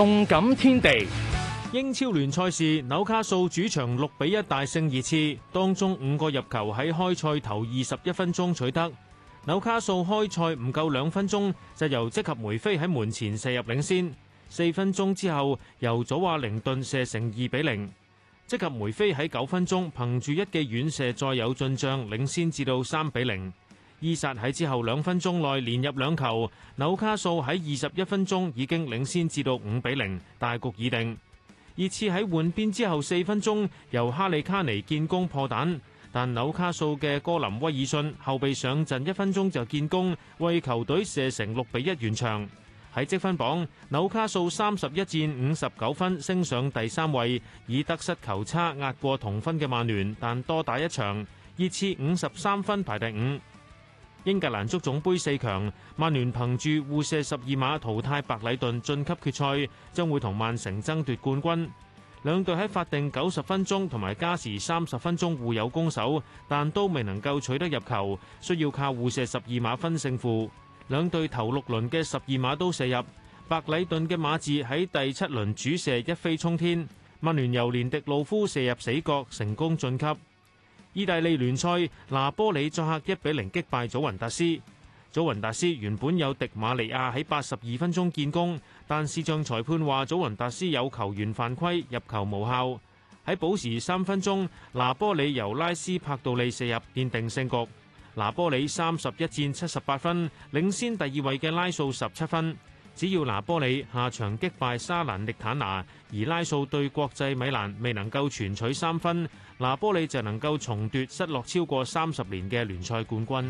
動感天地，英超聯賽事，紐卡素主場六比一大勝熱刺，當中五個入球喺開賽頭二十一分鐘取得。紐卡素開賽唔夠兩分鐘就由即及梅菲喺門前射入領先，四分鐘之後由祖華靈頓射成二比零，即及梅菲喺九分鐘憑住一記遠射再有進賬，領先至到三比零。伊薩喺之後兩分鐘內連入兩球，紐卡素喺二十一分鐘已經領先至到五比零，大局已定。熱刺喺換邊之後四分鐘由哈利卡尼建功破蛋，但紐卡素嘅哥林威爾遜後備上陣一分鐘就建功，為球隊射成六比一完場。喺積分榜，紐卡素三十一戰五十九分，升上第三位，以得失球差壓過同分嘅曼聯，但多打一場，熱刺五十三分排第五。英格蘭足總杯四強，曼聯憑住互射十二碼淘汰白禮頓晉級決賽，將會同曼城爭奪冠軍。兩隊喺法定九十分鐘同埋加時三十分鐘互有攻守，但都未能夠取得入球，需要靠互射十二碼分勝負。兩隊頭六輪嘅十二碼都射入，白禮頓嘅馬治喺第七輪主射一飛沖天，曼聯由連迪路夫射入死角成功晉級。意大利聯賽，拿玻里作客一比零擊敗祖雲達斯。祖雲達斯原本有迪馬利亞喺八十二分鐘建功，但視像裁判話祖雲達斯有球員犯規，入球無效。喺補時三分鐘，拿玻里由拉斯帕杜利射入奠定勝局。拿玻里三十一戰七十八分，領先第二位嘅拉素十七分。只要拿玻里下場擊敗沙蘭力坦拿，而拉素對國際米蘭未能夠全取三分，拿玻里就能夠重奪失落超過三十年嘅聯賽冠軍。